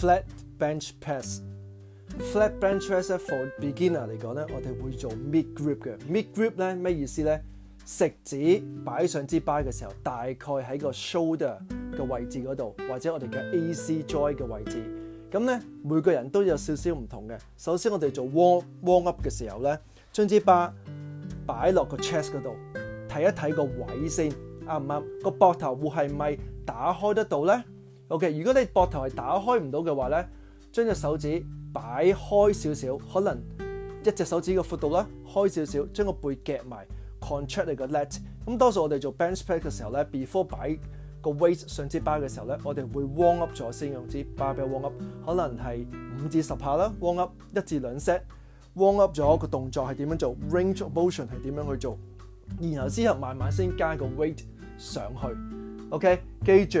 Flat bench press。Flat bench press 咧，for beginner 嚟講咧，我哋會做 mid grip 嘅。Mid grip 咧，咩意思咧？食指擺上支巴嘅時候，大概喺個 shoulder 嘅位置嗰度，或者我哋嘅 AC joint 嘅位置。咁咧，每個人都有少少唔同嘅。首先我哋做 warm warm up 嘅時候咧，將支巴擺落個 chest 嗰度，睇一睇個位置先，啱唔啱？個膊頭會係咪打開得到咧？OK，如果你膊頭係打開唔到嘅話咧，將隻手指擺開少少，可能一隻手指嘅闊度啦，開少少，將個背夾埋，contract 你個 lat。咁多數我哋做 bench press 嘅時候咧，before 擺個 weight 上支巴嘅時候咧，我哋會 warm up 咗先，用支 barbell warm up，可能係五至十下啦，warm up 一至兩 set，warm up 咗個動作係點樣做，range of motion 係點樣去做，然後之後慢慢先加個 weight 上去。OK，記住。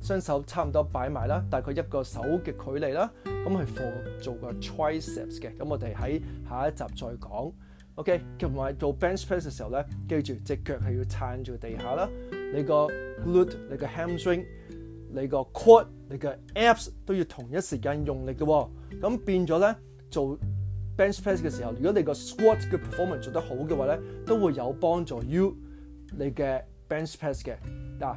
雙手差唔多擺埋啦，大概一個手嘅距離啦，咁去做個 triceps 嘅。咁我哋喺下一集再講。OK，同埋做 bench press 嘅時候咧，記住隻腳係要撐住地下啦。你個 glute、你個 hamstring、你個 q u a t r 你嘅 a p p s 都要同一時間用力嘅。咁變咗咧，做 bench press 嘅時候，如果你個 squats 嘅 performance 做得好嘅話咧，都會有幫助 you 你嘅 bench press 嘅。嗱。